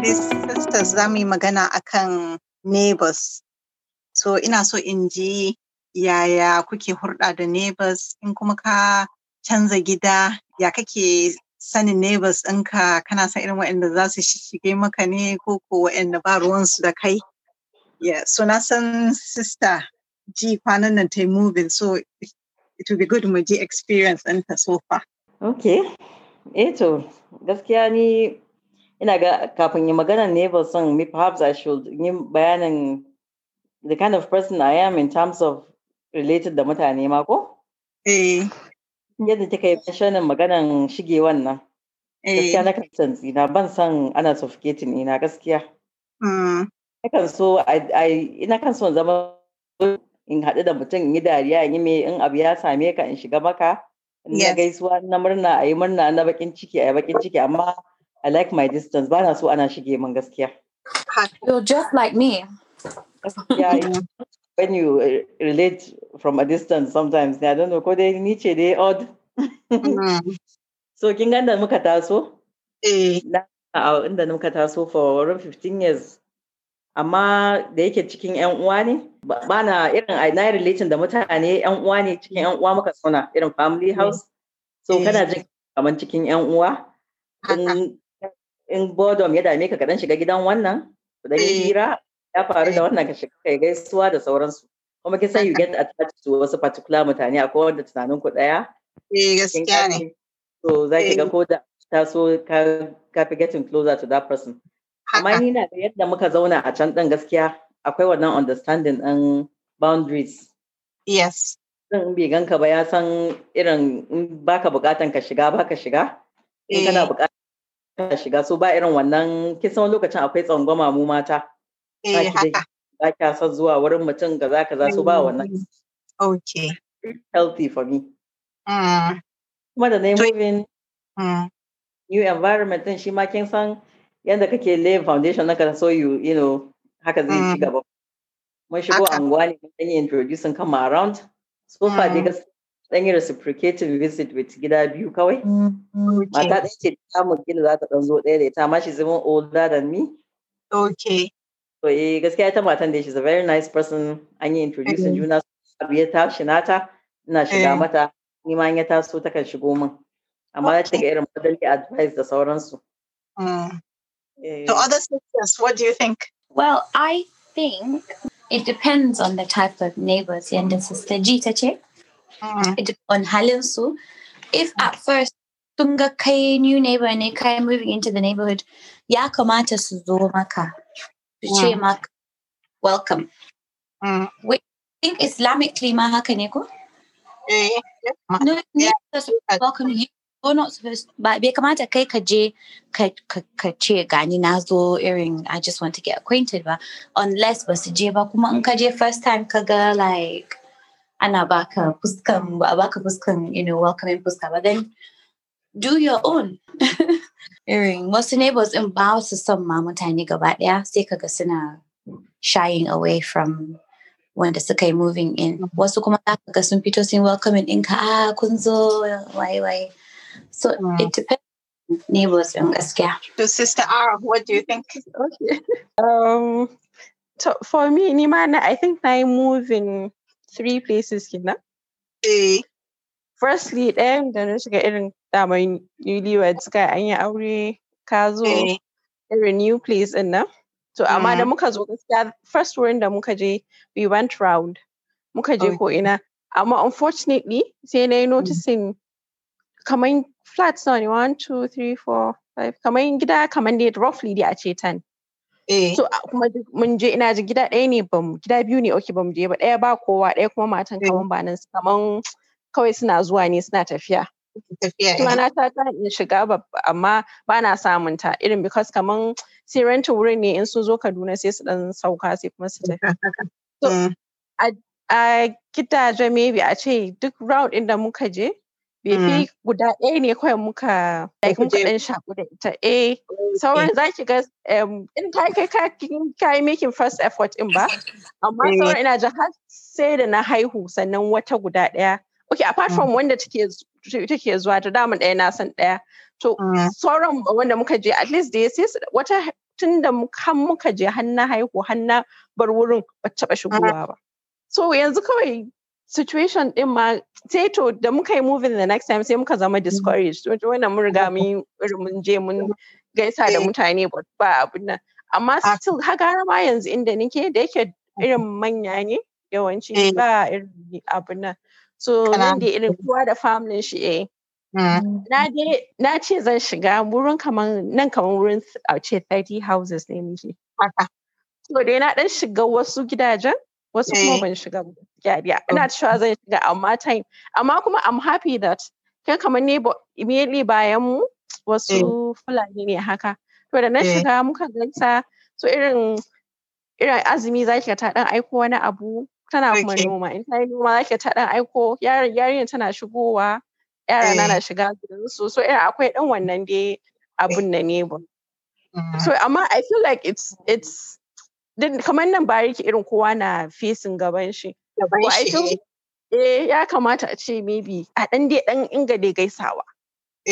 dai sisters za mu yi magana akan neighbors. So ina so in ji yaya kuke hurɗa da neighbors in kuma ka canza gida ya kake sanin neighbors ɗinka kana san irin waɗanda za su shige maka ne ko ko waɗanda ba ruwansu da kai. Yeah, so na san sister ji kwanan nan ta yi moving so it, it will be good mu ji experience ɗinta so far. Okay, eto eh gaskiya ni ina ga kafin yi magana ne ba son me perhaps I should yi bayanin the kind of person I am in terms of related da mutane ma ko? Eh. Yadda kika yi shanin maganan shige wannan. Eh. Gaskiya na kan na ban son ana suffocating ina gaskiya. Mm. Nakan so ina kan so zama in haɗu da mutum in yi dariya in yi me in abu ya same ka in shiga maka. Na gaisuwa na murna a yi murna na bakin ciki a bakin ciki amma I like my distance. Bana so ana shige man gaskiya. You're just like me. yeah, you, when you uh, relate from a distance sometimes, I don't know, ko dai ni ce dai odd. Mm-hmm. So kin ganda muka taso? Eh. Na inda muka taso for around 15 years. Amma da yake cikin ƴan uwa ne, ba na irin na relation da mutane ƴan uwa ne cikin ƴan uwa muka suna irin family house. So eh. kana jin kaman cikin ƴan uwa. in boredom ya dame ka ka dan shiga gidan wannan da eh. hira ya faru da eh. wannan ka shiga kai gaisuwa da sauransu kuma kin san you get attached to wasu particular mutane akwai wanda tunanin ku daya eh gaskiya ne so zaki ga eh. ko da taso ka ka fi getting closer to that person amma ni na yadda muka zauna a can din gaskiya akwai wannan understanding din boundaries. Yes. din bai ganka ba ya san irin baka buƙatan ka shiga baka shiga. In kana ta shiga so ba irin wannan kisan lokacin akwai tsangwama mu mata ba eh, kya san zuwa wurin mutum ga za ka za su ba wannan mm. okay healthy for me mm. kuma da na moving mm. new environment din shi ma kin san yadda kake lay foundation naka so you you know haka zai ci gaba mun shigo anguwa ne mun yi introducing kama around so far dai gaskiya ɗan yi reciprocating visit with gida biyu kawai. Mm-hmm. Mata ɗaya ce ta kila za ta ɗan zo ɗaya da ita, amma she's even older than me. Okay. So eh gaskiya ita matan da she's a very nice person, an yi introducing mm-hmm. juna abu ya tashi nata, ina shiga eh. mata, ni ma ya taso takan shigo min. Amma ta ga irin motherly advice da sauransu. To mm. eh. other sisters, what do you think? Well, I think it depends on the type of neighbors yanda sister Jita check. Mm. on halin su. If mm. at first tunga kai new neighbor ne kai moving into the neighborhood, ya kamata su zo maka, su ce mm. maka welcome. Mm. Which think Islamically ma haka ne ko? Eh, yeah, No, welcome you. You're not supposed but be kamata kai ka je ka ce gani na zo irin I just want to get acquainted but unless ba su je ba kuma in ka je first time ka ga like ana baka fuskan ba baka fuskan you know welcoming fuska But then do your own irin wasu neighbors in ba su son ma mutane gaba daya sai kaga suna shying away from wanda suka yi moving in mm-hmm. wasu kuma za ka ga sun fito sun welcoming ɗinka ah kun zo waye waye so mm. it depends neighbors in gaskiya to sister R what do you think okay um to, for me ni ma na I think na yi moving three places kenan eh firstly ɗayan da na shiga irin daman newlyweds kai an yi aure ka zo eh. irin new place ɗin nan to amma mm-hmm. da muka zo gaskiya first wurin da muka je we went round muka je oh. ko ina amma unfortunately sai na yi mm. noticing kamar flats nawa ne one two three four five kamar gida kamar dai roughly dai a ce ten Eh. so kuma mun je ina ji gida ɗaya ne ba gida biyu ne oke ba mu je ba ɗaya ba kowa ɗaya kuma matan eh. kaman ba nan kaman kawai suna zuwa ne suna tafiya eh. na ta ta in shiga ba amma ba na samun ta irin because kaman sai renta wurin ne in sun zo Kaduna sai su dan sauka sai kuma su tafi so mm. a gidaje maybe a ce duk round da muka je bai fi mm. guda ɗaya ne kawai muka muka ɗan shaku da ita eh, a sauran za ki ga in ta kai ka yi making first effort in ba amma mm. sauran ina ji har sai da na haihu sannan wata guda ɗaya ok apart mm. from wanda take zuwa ta damun ɗaya na san ɗaya to sauran wanda muka je at least da ya sai wata tun da kan muka je har na haihu har na bar wurin ba taɓa shigowa ba so yanzu kawai situation din ma sai to da muka yi moving the next time sai muka zama mm-hmm. discouraged wannan mun riga mun je mun gaisa da eh. mutane ba abin nan amma ah. still haka ma yanzu inda nake da yake irin manya ne yawanci eh. ba irin abin nan so nan da irin kowa da familin shi eh mm. na ce zan shiga wurin kamar nan kamar wurin a ce 30 houses ne muke so dai na dan shiga wasu gidajen wasu kuma eh. ban shiga gyariya yeah ina cewa zan shiga amma time amma kuma I'm happy that kai kamar ne immediately bayan mu wasu eh. fulani ne haka to da na eh. shiga muka gaisa so irin irin azumi zaki ta dan aiko wani abu tana kuma noma in ta yi noma zaki ta dan aiko yarinya tana shigowa yara na na shiga gidansu so irin akwai dan wannan dai abun na ne mm-hmm. so amma I feel like it's it's kamar nan ba yake irin kowa na fesin gaban shi gaban shi eh. Eh, ya kamata a ce maybe a dan dai dan inga dai gaisawa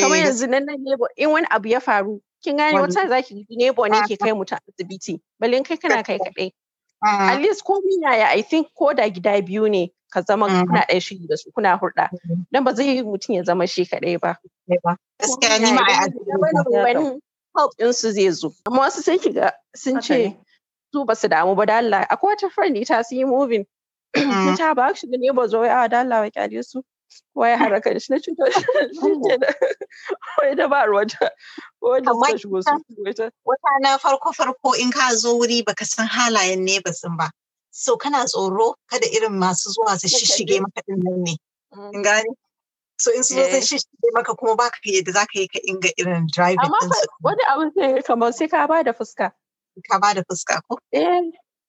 kamar eh. yanzu nan nan ne in wani abu ya faru kin gane wata zaki nebo ne ke kai mutum asibiti balin kai kana kai kadai ah. at least ko yaya i think ko da gida biyu ne ka zama mm-hmm. kuna ɗaya shi da su kuna hurɗa mm-hmm. dan ba zai yi mutum ya zama shi kadai ba gaskiya ni ma a wani help ɗinsu zai zo amma wasu sai ga sun ce su ba su damu ba da Allah akwai wata friend ita su yi moving mm. ta ba shi da ne ba zo ya da wa kyale su waye harakan shi na cutar shi oh. wai da ba ruwata wanda suka shigo su wata na farko farko in ka zo wuri baka san halayen ne ba ba so kana tsoro kada irin masu zuwa su shishige maka din nan ne mm. in so in su zo sun eh. shishige maka kuma baka yadda zaka yi ka inga irin driving amma wani abu sai kamar sai ka ba da fuska ka ba da fuska ko? Eh,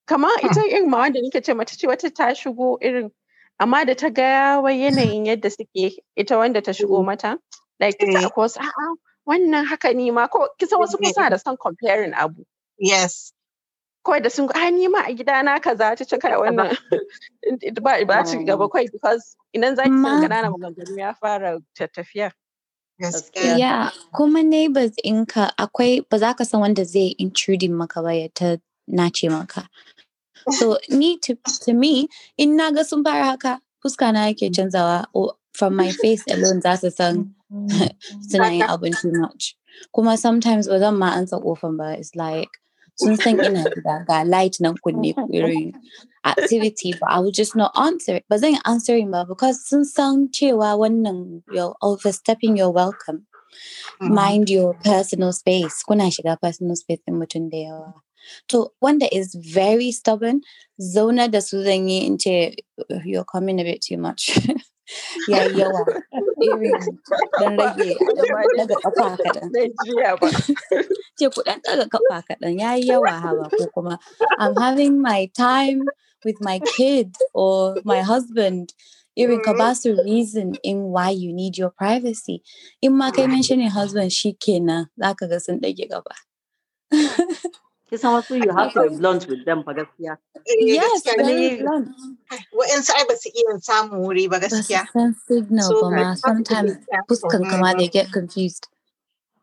kama ita irin ma wanda nika ce mace ce wata ta shigo irin amma da ta ga yanayin yadda suke ita wanda ta shigo mm. mata like ita eh. ko a'a wannan haka ni ma ko kisa wasu kusa mm-hmm. da son comparing abu. Yes. Kawai da sun ga ni ma a gidana kaza ta ce kai wannan ba ba oh. ci gaba kai because idan zaki san na maganganu ya fara tafiya. Yeah, kuma neighbors inka akwai ba za ka san wanda zai intruding maka ba ya ta nace maka. So ni to, to me in na ga sun fara haka fuska na yake canzawa from my face alone za su san suna yin abin too much. Kuma sometimes ba zan ma ansa kofan ba it's like since then, you know, that guy lied to kuni activity, but I would just not answer it. But then answering well because since sang chewa wannan you're overstepping your welcome. Mm-hmm. Mind your personal space. Kuna shiga personal space in mutum da yawa. To wanda is very stubborn, Zona da su zanyi you're coming a bit too much. ya yi yawa irin don rage daga ƙafa kaɗan kafa kaɗan ya yi yawa hawa ko kuma I'm having my time with my kid or my husband irin ka ba su reason in why you need your privacy in ma kai mentioning husband shi kenan za ka ga sun ɗage gaba to eh, Yes, sometimes they get confused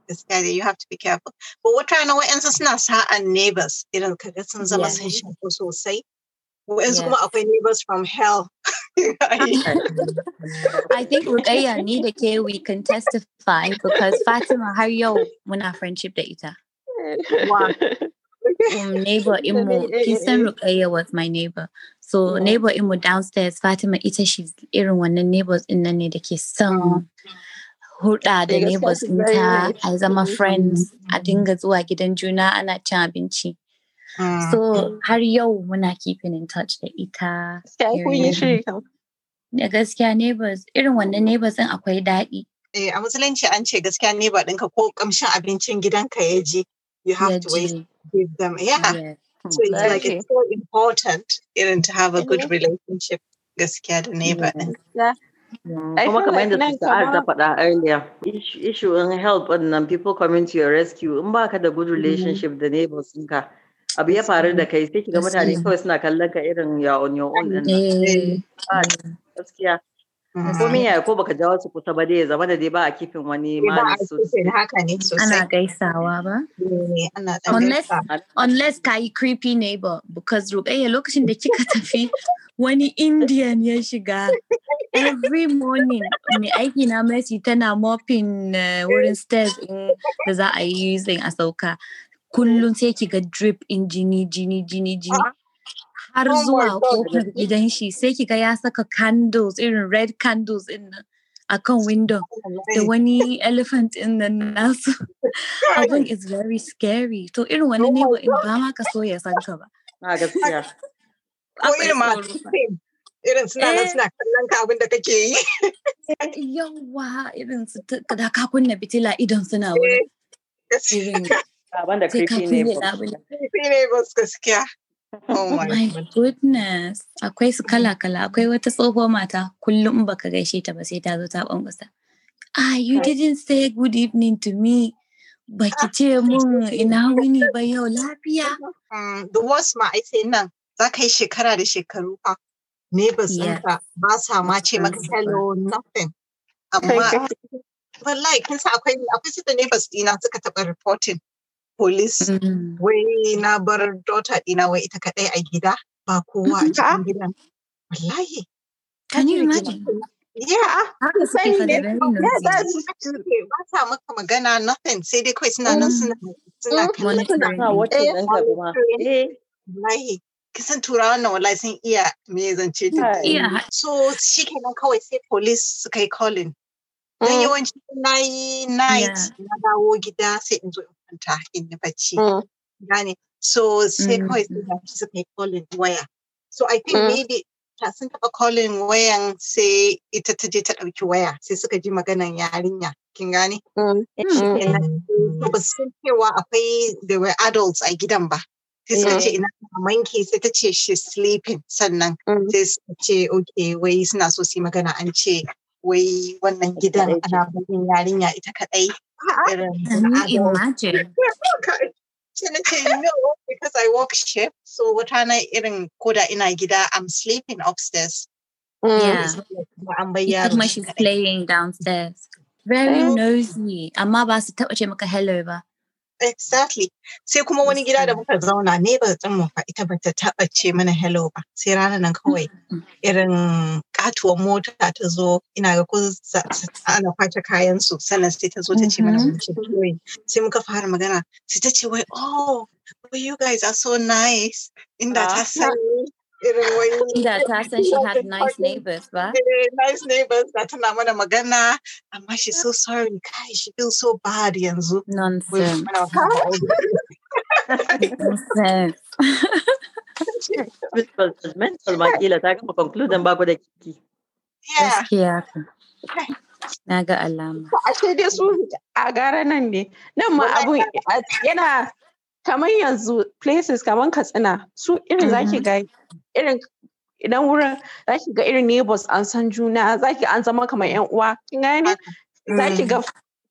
gaskiya da you have to be careful but wata na wa'yansu suna sa'an neighbors you know, irin kaga sun zama sun shafu sosai wa'yansu kuma akwai neighbors from hell I think Rukaya, ni da ke we can testify because Fatima har yau muna friendship da ita. Wow. um, neighbor Imu, Kisan Rukayya was my neighbor. So yeah. neighbor Imu downstairs, Fatima ita she's irin the neighbors in nan ne da ke hulɗa eh, da neighbors ta a zama mm, mm, friends mm, a dinga zuwa gidan juna ana cin abinci ah, so har yau muna keeping in touch da ita da gaskiya neighbors irin wannan neighbors din akwai daɗi eh, a musulunci an ce gaskiya neighbor ɗinka ko kamshin abincin gidanka ya ji you have to always give them yeah, so it's like it's so important you to have a good relationship gaskiya da neighbor ɗin kuma kamar yadda sa'ar ta faɗa earlier issue in help nan people coming to your rescue in ba ka da good mm-hmm. relationship da neighbors ka, abu ya faru da kai sai kiga mutane kawai suna kallon ka irin ya on your own din eh. mm-hmm. gaskiya mm-hmm. ko ya ko baka jawo su kusa ba dai zama da dai ba a kifin wani eh, ma ana gaisawa ba eh, unless unless ka yi creepy neighbor because ruqayya lokacin da kika tafi wani indian ya shiga every morning mai aiki na Mercy tana mopping wurin stairs in da za i yi using a sauka kullum sai ki ga drip in jini jini jini jini har oh zuwa kofar gidan shi sai ki ga ya saka candles irin red candles in a kan window da wani elephant in the nasu abin is very scary to irin wani oh ne ba ma ka so ya san ka ba ko irin ma irin suna nan eh. suna kallon ka abin da kake yi eh, Yawwa, irin su da ka kunna fitila idan suna wuri. gaskiya Oh my goodness. Akwai su kala-kala, akwai wata tsoho mata kullum baka gaishe ta ba sai ta zo ta bangusa. Ah, you didn't say good evening to me. baki ce mun ina wuni ba yau lafiya. Mm, the worst ma I say nan za ka yi shekara da shekaru fa. san ka ba sa ma ce maka hello nothing amma wallahi kin sa akwai akwai su da neighbors dina suka taɓa reporting police mm. wai na bar daughter dina wai ita kadai a gida ba kowa a cikin gidan wallahi can you imagine Yeah, saying that. Yeah, that's ba sa maka magana nothing sai dai kawai suna nan mm. suna suna mm. kallon. Eh. Wallahi. kisan turawan wannan wallahi sun iya me zance ta so shi kenan kawai sai police suka yi calling don mm. yawanci na yi night na dawo gida sai in zo in kwanta in yi bacci mm. gane so sai kawai sai da mm. suka yi calling waya so i think maybe ta sun taɓa calling wayan sai ita ta je ta ɗauki waya sai suka ji maganan yarinya kin gane ba su san cewa akwai da were adults a gidan ba sai suka ce mm. ina sai ta ce she sleeping sannan mm. sai suka ce okay wai suna so su magana an ce wai wannan gidan ana yarinya ita kadai imagine ce no because I work shift so wata na irin koda ina gida I'm sleeping upstairs mm. Yeah. yeah. She's playing downstairs. Very nosy. Amma ba su taɓa ce maka hello ba. Exactly. Sai kuma wani gida da muka zauna ne ba mu fa ita ba ta taɓa ce mana hello ba. Sai ranar nan kawai irin katuwar mota ta zo ina ga ko ana kwace kayan su sannan sai ta zo ta ce mana mm-hmm. mun Sai muka fara magana sai ta ce wai oh you guys are so nice. Inda ta ah. sani da ta san she had eh, nice neighbors ba nice neighbors da tana mana magana amma she's so sorry kai she feels so bad yanzu nonsense nonsense mental ma kila ta gama conclude ba ku da kiki gaskiya na ga alama ashe dai su a gara nan ne nan ma abun yana kamar yanzu places kamar katsina su irin zaki mm-hmm. ga irin idan wurin za ki ga irin neighbors an san juna za ki an zama kamar yan uwa kin gane za ki mm. ga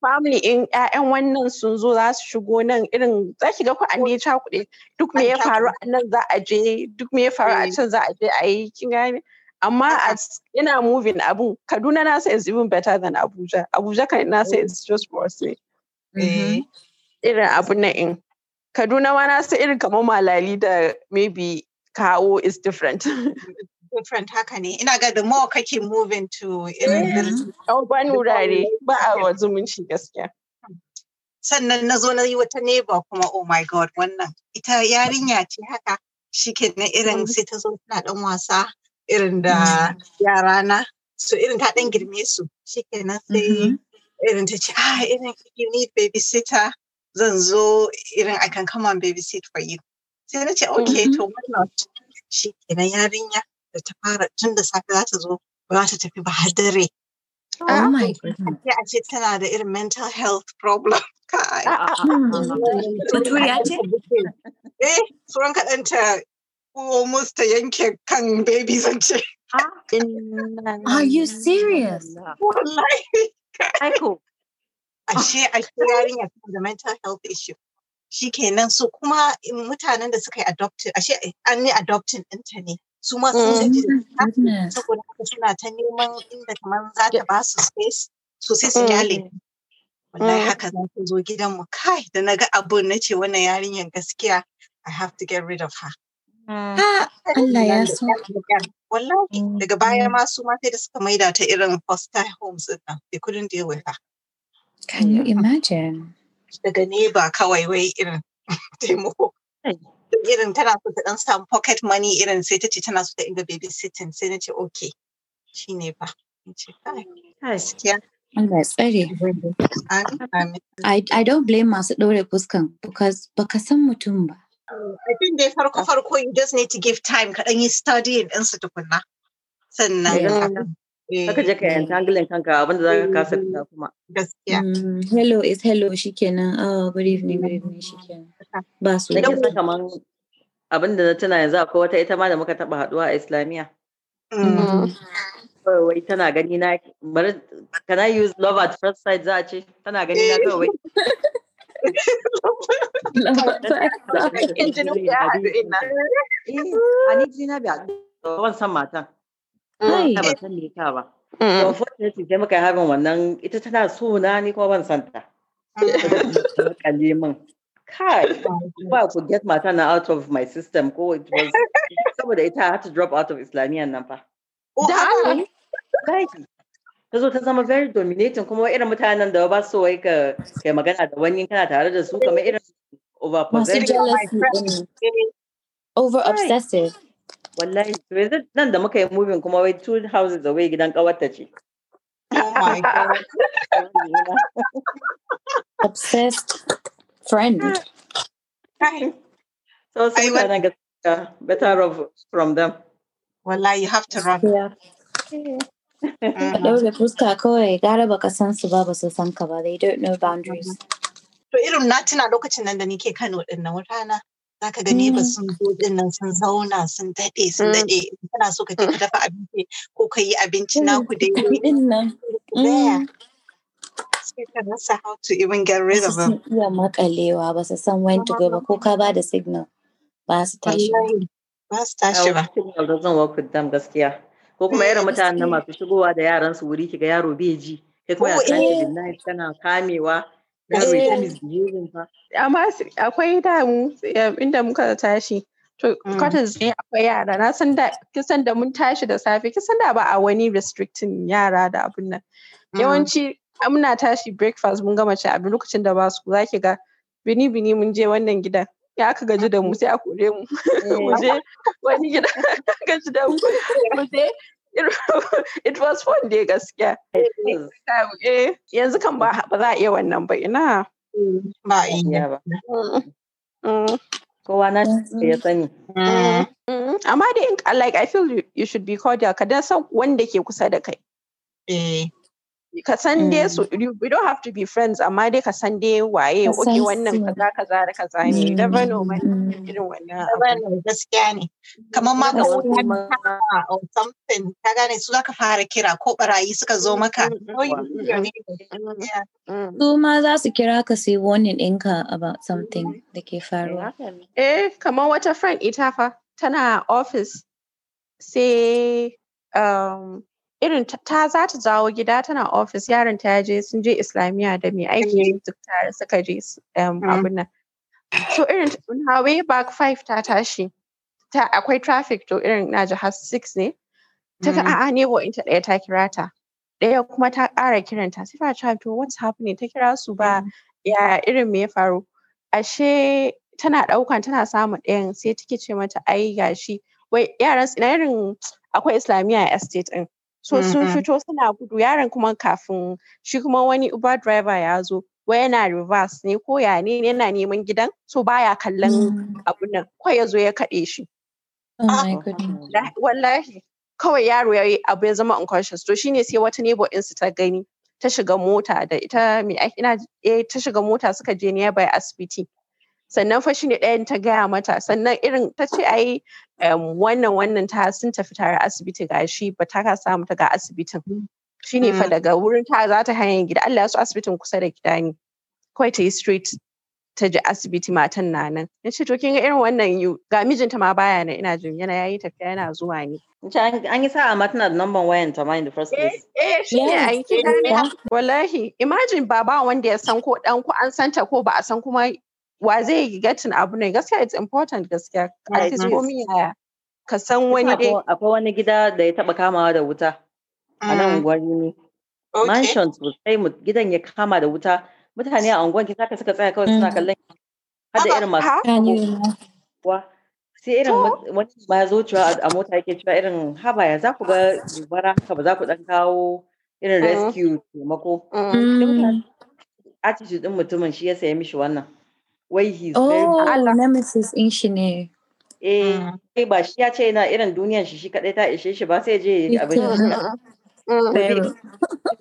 family in ƴaƴan wannan sun zo za su shigo nan irin za ki ga ku an dai cakuɗe duk me ya faru a nan za a je duk me ya faru a mm. can za a je a yi kin gane amma ina moving abu kaduna na say is even better than abuja abuja kan na say mm. it's just worse ne mm-hmm. irin abun nan in kaduna ma na sai irin kamar malali da maybe cow is different. different haka ne ina ga the more kake moving to irin oh ban wurare ba a wa zumunci gaskiya sannan na zo na yi wata neighbor kuma oh my god wannan ita yarinya ce haka shi ke na irin mm. sai ta zo tana dan wasa irin da mm. yara na so irin ta dan girme su shi na sai mm-hmm. irin ta ce ah irin you need babysitter zan zo irin I can come and babysit for you sai na ce ok mm-hmm. to wannan shi kenan yarinya da ta fara tun da safe za ta zo ba ta tafi ba Oh ah, my God. a tana da irin mental health problem. Ah, ah, mm. Baturiya ce? Eh, tsoron kaɗanta almost ta yanke kan baby zance. Are you serious? Wallahi. Aiko. Ashe, ashe yarinya tana da mental health issue. shi kenan su kuma mutanen da suka yi adoptin ashe an yi adoptin ɗinta ne su ma sun gaji oh, saboda haka suna ta neman inda kamar za ta ba su space su sai su jale oh. wallahi oh. haka za ta zo gidanmu kai da na ga abun na ce wannan yarinyar gaskiya I have to get rid of her. Mm. Allah ya so. Wallahi mm. daga baya ma su ma sai da suka maida ta irin foster homes din They couldn't deal with her. Can you imagine? daga ne ba kawai wai irin taimako. Irin tana so ta dan samu pocket money irin sai ta ce tana so ta inga baby sitting sai na ce okay shi ne ba. Gaskiya. Allah tsare. I don't blame masu ɗaure fuskan because baka san mutum ba. I think dai farko farko you just need to give time ka ɗan yi studying ɗinsu tukunna. Sannan Haka eh, je ka yanta eh. hankalin kanka abinda za ka eh, kasa fita kuma. Gaskiya. Mm, hello is hello shikenan. Oh, good evening, good evening mm. kenan. Ba su. Nake sa kaman abinda na tuna yanzu akwai wata ita ma da muka taba haduwa a Islamiyya. Mm. Wai tana gani na bari can I use love at first sight za a ce tana gani na kawai. Ani jina biya. Ban san matan. ta hm, eh. ba san me yasa ba to sai muka harin wannan ita tana so na ni kuma ban santa kalle min kai ba ku get mata na out of my system ko it was saboda ita had to drop out of islamiyan nan fa da ta zo ta zama very dominating kuma irin mutanen da ba so wai ka kai magana da wani kana tare da su kamar irin over mm. over obsessive wallahi to nan da muka yi moving kuma wai two houses away gidan kawarta ce oh my god obsessed friend so I ka na gaskiya better of from them wallahi you have to run yeah mm-hmm. ka ɗaure fuska kawai gara baka san su ba ba su san ka ba they don't know boundaries mm-hmm. to irin na tuna lokacin nan da nike Kano din nan rana za ka gani ba mm. sun zo din nan sun zauna sun daɗe sun mm. daɗe kana so ka je ka dafa abinci ko ka yi abinci mm. na ku da yi din nan rasa how to even get rid of them iya makalewa ba su san when to go ba ko ka ba da signal ba su tashi ba su tashi ba signal zan work with them gaskiya ko kuma eh, irin mutanen masu shigowa da yaran su wuri kiga yaro bai ji kai kuma ya oh, san eh. kana kamewa Eh. amma akwai damu inda muka tashi to mm. cottage ne akwai yara na san da kisan da mun tashi da safe kisan da ba a wani restricting yara da abin nan mm. yawanci muna tashi breakfast mun gama ci abin lokacin da ba su zaki ga bini bini mun je wannan gida ya aka gaji da mu sai a kore mu eh. mu wani gida gaji da mu mu it was fun dai gaskiya eh, eh, yanzu kan ba za a iya wannan ba ina hmm, ba a iya ba mm. Mm. kowa na mm. ya sani amma dai like I feel you, you should be cordial ka dan san wanda ke kusa da kai eh ka san dai mm. su we don't have to be friends amma dai ka san dai waye okay wannan kaza kaza da kaza ne you never know man mm. irin wannan gaskiya ne kamar ma ka or something ka gane su zaka fara kira ko barayi suka zo maka mm, su ma za su kira ka sai warning ɗinka about something da ke faruwa eh, eh kamar wata friend ita fa tana office sai um, irin ta za ta dawo gida tana ofis yaron ta je sun je islamiyya da mai aiki mm-hmm. duk tare suka je mm-hmm. abun nan so irin her way back five ta tashi ta akwai traffic to irin na ji har six ne ta ka mm-hmm. a'a ne wa inta ɗaya ta kira ta ɗaya kuma ta ƙara kiranta sai ta ce to what's happening ta kira su ba ya irin me ya faru ashe tana ɗaukan tana samun ɗayan sai take ce mata ai gashi wai yaran na irin akwai islamiyya estate ɗin so sun mm-hmm. fito suna gudu yaron kuma kafin shi kuma wani uber driver ya zo wai yana reverse ne ko ya ne yana neman gidan so baya kallon mm. abun nan kawai ya zo ya kaɗe shi oh ah, wallahi kawai yaro ya yi abu ya zama unconscious to shine sai wata neighbor su ta gani ta shiga mota da ita mai ina eh, ta shiga mota suka je bai asibiti sannan fa shi ne ɗayan ta gaya mata sannan irin ta ce ai wannan wannan ta sun tafi tare asibiti ga shi ba ta ka samu ta ga asibitin mm. shi ne fa mm. daga wurin ta za ta hanyar gida Allah ya so asibitin kusa da gida ne kawai ta yi street ta ji asibiti matan na nan ya ce to kin ga irin wannan yu ga mijinta ma baya nan ina jin yana yayi tafiya yana zuwa ne an yi sa'a ma tana da number wayan ta ma in the first eh, place eh shi ne an kira ne wallahi imagine ba ba wanda ya san ko dan ko an santa ko ba a san kuma wa zai yi gatin abu ne gaskiya it's important gaskiya at least ko yaya ka san wani dai akwai wani gida da ya taba kamawa da wuta a nan mm. gwari ne mansion sosai gidan ya kama da wuta mutane a unguwar ki saka suka tsaya kawai suna mm. kallon har da irin masu kuwa sai irin wani ba zo cewa a mota yake cewa irin haba ya za ku ga gobara ka ba za ku dan kawo irin mm. rescue taimako attitude din mutumin shi ya saya mishi wannan wai he's oh, very Allah nemesis in shi ne eh hmm. ba shi ya ce yana irin duniyar shi shi kadai ta ishe shi ba sai je abin hmm. hmm.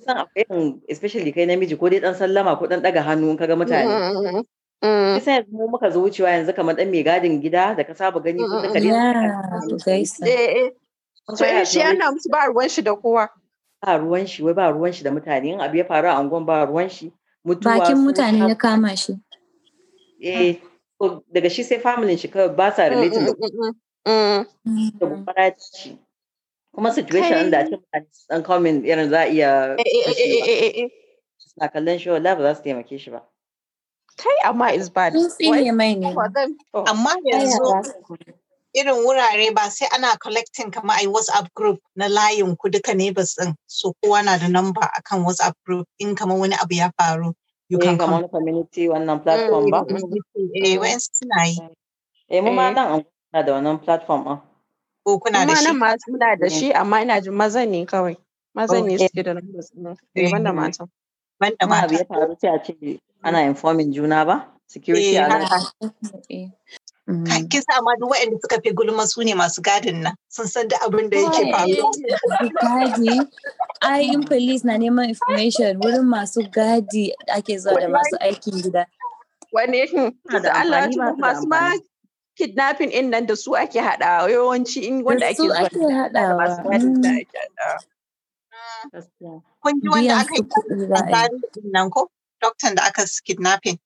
san akwai especially kai namiji ko dai dan sallama ko dan daga hannu kaga mutane Kisa yanzu mu muka zo wucewa yanzu kamar dan mai gadin gida da ka saba gani ko da kare. So shi yana musu ba ruwan shi da kowa. Ba ruwan shi wai ba ruwan shi da mutane in abu ya faru a angon ba ruwan shi. Mutuwa. Bakin mutane ya kama shi. eh daga shi sai familin shi kawai ba sa mm, mm, relate da mm, da gobara ci kuma situation da ake mutane dan comment irin za a iya eh, eh, eh, suna kallon shi wala ba za su taimake shi ba kai amma is bad oh. amma yanzu irin wurare ba sai ana collecting kamar ai WhatsApp group na layin ku duka neighbors din so kowa na da number akan WhatsApp group in kamar wani abu ya faru you can on eh, wani community on platform ba eh, eh wayan suna yi eh mu ma eh. nan na da wannan platform ah. ko kuna da shi nan ma su da shi mm. amma ina jin maza ne kawai maza ne suke da nan banda matan banda mata ya faru sai a ce ana informing juna ba security alert mm. Kin sa ma duk waɗanda suka fi gulma su ne masu gadin nan sun san da abin da yake faruwa. ai in police na neman information wurin masu gadi ake zuwa da masu aikin gida wani da Allah masu ma kidnapping in nan da su ake haɗawa yawanci in wanda ake zuwa da masu gadi da ake haɗa kun ji wanda aka yi nan ko doktan da aka kidnapping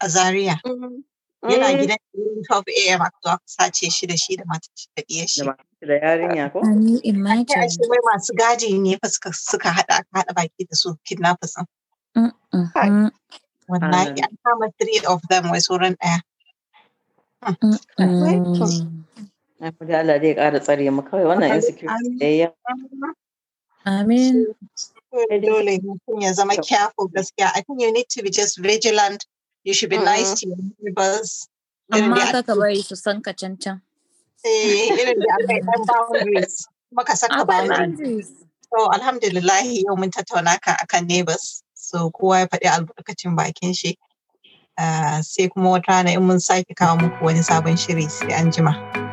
a Zaria mm. yana gidan 12 a.m. aka zo aka sace shi da shi da mata shi da ɗiyar shi. Da yarinya ko? Ani imagine. Ashe mai masu gaji ne fa suka suka haɗa ka haɗa baki da su kidnappers ɗin. Wallahi an kama three of them wai sauran ɗaya. Na kudi Allah zai ƙara tsare mu kawai wannan insecurity da ya. Amin. Dole mutum ya zama careful gaskiya. I think you need to be just vigilant. you should be mm. nice to your neighbors amma ka ka bari su san ka cancan eh irin aka yi saka so alhamdulillah yau mun tattauna kan akan neighbors so kowa ya faɗi albarkacin bakin shi ah, sai kuma wata rana in mun sake kawo muku wani sabon shiri sai an jima.